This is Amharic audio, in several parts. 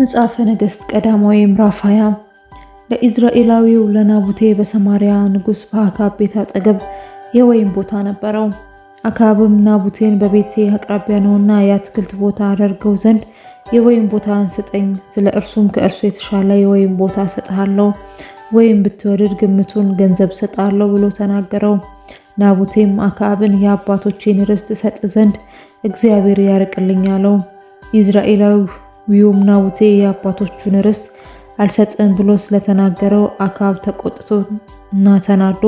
መጽሐፈ ነገሥት ቀዳማዊ ምዕራፍ 20 ለኢዝራኤላዊው ለናቡቴ በሰማሪያ ንጉሥ በአካብ ቤት አጠገብ የወይን ቦታ ነበረው። አካብም ናቡቴን በቤቴ አቅራቢያ ነውና የአትክልት ቦታ አደርገው ዘንድ የወይን ቦታ አንስጠኝ፣ ስለ እርሱም ከእርሱ የተሻለ የወይን ቦታ ሰጥሃለሁ፣ ወይም ብትወድድ ግምቱን ገንዘብ ሰጣለሁ ብሎ ተናገረው። ናቡቴም አካብን የአባቶቼን ርስት ሰጥ ዘንድ እግዚአብሔር ያርቅልኝ አለው። ዊውም ናቡቴ የአባቶቹን ርስት አልሰጥም ብሎ ስለተናገረው አካብ ተቆጥቶ እና ተናዶ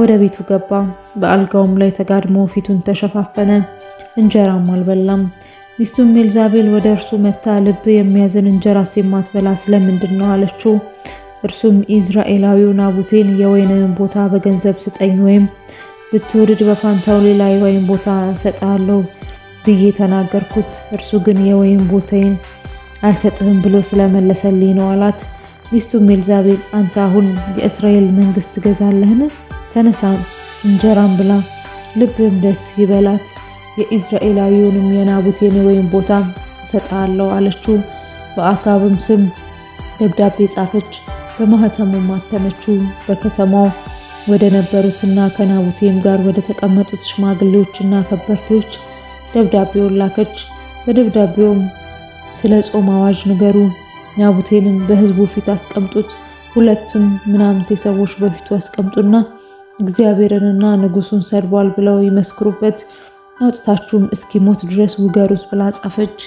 ወደ ቤቱ ገባ። በአልጋውም ላይ ተጋድሞ ፊቱን ተሸፋፈነ፣ እንጀራም አልበላም። ሚስቱም ኤልዛቤል ወደ እርሱ መጥታ ልብ የሚያዝን እንጀራ የማትበላ ስለምንድን ነው አለችው። እርሱም ኢዝራኤላዊው ናቡቴን የወይንን ቦታ በገንዘብ ስጠኝ፣ ወይም ብትወድድ በፋንታው ሌላ የወይን ቦታ እሰጥሃለሁ ብዬ ተናገርኩት። እርሱ ግን የወይን ቦታዬን አይሰጥህም ብሎ ስለመለሰልኝ ነው አላት። ሚስቱም ኤልዛቤል አንተ አሁን የእስራኤል መንግስት ትገዛለህን? ተነሳም እንጀራም ብላ ልብም ደስ ይበላት፣ የኢዝራኤላዊውንም የናቡቴን የወይን ቦታ እሰጥሃለሁ አለችው። በአካብም ስም ደብዳቤ ጻፈች፣ በማህተሙም አተመችው። በከተማው ወደ ነበሩትና ከናቡቴም ጋር ወደ ተቀመጡት ሽማግሌዎችና ከበርቴዎች ደብዳቤውን ላከች። በደብዳቤውም ስለ ጾም አዋጅ ንገሩ፣ ናቡቴንን በህዝቡ ፊት አስቀምጡት፣ ሁለቱም ምናምንቴ ሰዎች በፊቱ አስቀምጡና እግዚአብሔርንና ንጉሱን ሰድቧል ብለው ይመስክሩበት፣ አውጥታችሁም እስኪሞት ድረስ ውገሩት ብላ ጻፈች።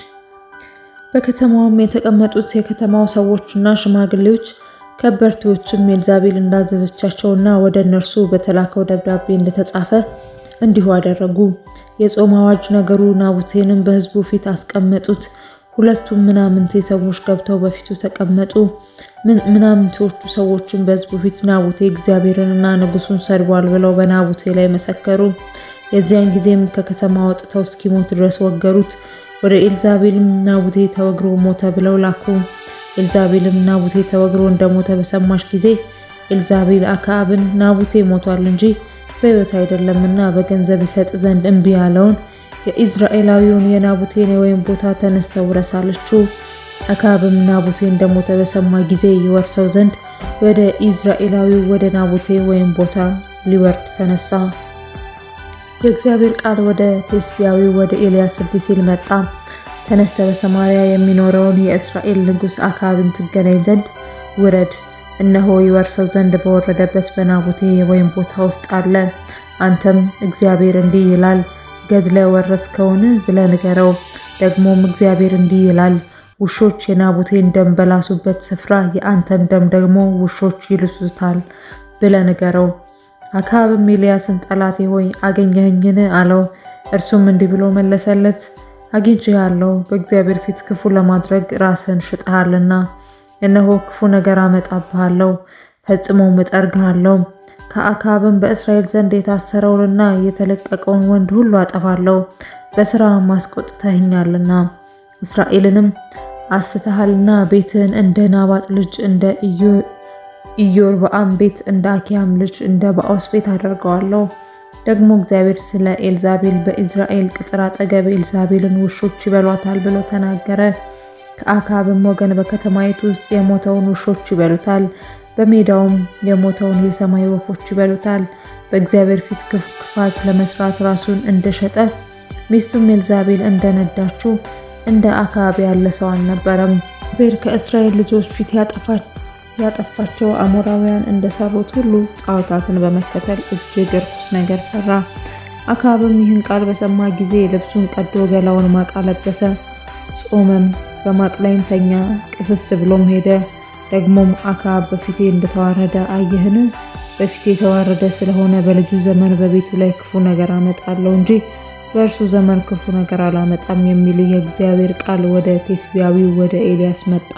በከተማዋም የተቀመጡት የከተማው ሰዎችና ሽማግሌዎች ከበርቴዎችም ኤልዛቤል እንዳዘዘቻቸውና ወደ እነርሱ በተላከው ደብዳቤ እንደተጻፈ እንዲሁ አደረጉ። የጾም አዋጅ ነገሩ ናቡቴንም በህዝቡ ፊት አስቀመጡት። ሁለቱም ምናምንቴ ሰዎች ገብተው በፊቱ ተቀመጡ። ምናምንቴዎቹ ሰዎችን በህዝቡ ፊት ናቡቴ እግዚአብሔርንና ንጉሱን ሰድቧል ብለው በናቡቴ ላይ መሰከሩ። የዚያን ጊዜም ከከተማ ወጥተው እስኪሞት ድረስ ወገሩት። ወደ ኤልዛቤልም ናቡቴ ተወግሮ ሞተ ብለው ላኩ። ኤልዛቤልም ናቡቴ ተወግሮ እንደሞተ በሰማች ጊዜ ኤልዛቤል አክዓብን ናቡቴ ሞቷል እንጂ በሕይወት አይደለምና በገንዘብ ይሰጥ ዘንድ እምቢ ያለውን የኢዝራኤላዊውን የናቡቴን ወይም ቦታ ተነስተው ረሳለችው። አካብም ናቡቴ እንደሞተ በሰማ ጊዜ ይወርሰው ዘንድ ወደ ኢዝራኤላዊው ወደ ናቡቴ ወይም ቦታ ሊወርድ ተነሳ። የእግዚአብሔር ቃል ወደ ቴስቢያዊው ወደ ኤልያስ እንዲህ ሲል መጣ። ተነስተ በሰማሪያ የሚኖረውን የእስራኤል ንጉሥ አካብን ትገናኝ ዘንድ ውረድ እነሆ ይወርሰው ዘንድ በወረደበት በናቡቴ የወይን ቦታ ውስጥ አለ። አንተም እግዚአብሔር እንዲህ ይላል ገድለ ወረስከውን ብለህ ንገረው። ደግሞም እግዚአብሔር እንዲህ ይላል ውሾች የናቡቴን ደም በላሱበት ስፍራ የአንተን ደም ደግሞ ውሾች ይልሱታል ብለህ ንገረው። አክዓብም ኤልያስን ጠላቴ ሆይ አገኘኸኝን? አለው። እርሱም እንዲህ ብሎ መለሰለት አግኝቼሃለሁ፣ በእግዚአብሔር ፊት ክፉ ለማድረግ ራስን ሽጠሃልና እነሆ ክፉ ነገር አመጣብሃለሁ፣ ፈጽሞም እጠርግሃለሁ። ከአካብም በእስራኤል ዘንድ የታሰረውንና የተለቀቀውን ወንድ ሁሉ አጠፋለሁ፣ በስራ አስቆጥተኸኛልና እስራኤልንም አስተሃልና ቤትህን እንደ ናባጥ ልጅ እንደ ኢዮርብዓም ቤት እንደ አኪያም ልጅ እንደ ባኦስ ቤት አደርገዋለሁ። ደግሞ እግዚአብሔር ስለ ኤልዛቤል በኢዝራኤል ቅጥር አጠገብ ኤልዛቤልን ውሾች ይበሏታል ብሎ ተናገረ። ከአካብም ወገን በከተማይቱ ውስጥ የሞተውን ውሾች ይበሉታል፣ በሜዳውም የሞተውን የሰማይ ወፎች ይበሉታል። በእግዚአብሔር ፊት ክፋት ለመስራት ራሱን እንደሸጠ ሚስቱም ኤልዛቤል እንደነዳችው እንደ አካብ ያለ ሰው አልነበረም። እግዚአብሔር ከእስራኤል ልጆች ፊት ያጠፋቸው አሞራውያን እንደሰሩት ሁሉ ጣዖታትን በመከተል እጅግ እርኩስ ነገር ሰራ። አካብም ይህን ቃል በሰማ ጊዜ ልብሱን ቀዶ ገላውን ማቅ አለበሰ፣ ጾመም። በማጥ ላይም ተኛ። ቅስስ ብሎም ሄደ። ደግሞም አክዓብ በፊቴ እንደተዋረደ አየህን? በፊቴ የተዋረደ ስለሆነ በልጁ ዘመን በቤቱ ላይ ክፉ ነገር አመጣለሁ እንጂ በእርሱ ዘመን ክፉ ነገር አላመጣም የሚል የእግዚአብሔር ቃል ወደ ቴስቢያዊው ወደ ኤልያስ መጣ።